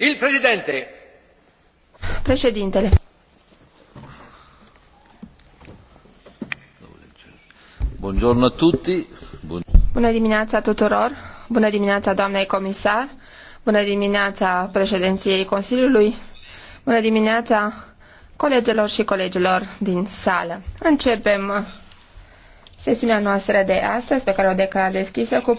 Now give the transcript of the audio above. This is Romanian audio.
Il Presidente. Președintele. Buongiorno a tutti. Bun... Bună dimineața tuturor. Bună dimineața doamnei comisar. Bună dimineața președinției Consiliului. Bună dimineața colegilor și colegilor din sală. Începem sesiunea noastră de astăzi, pe care o declar deschisă, cu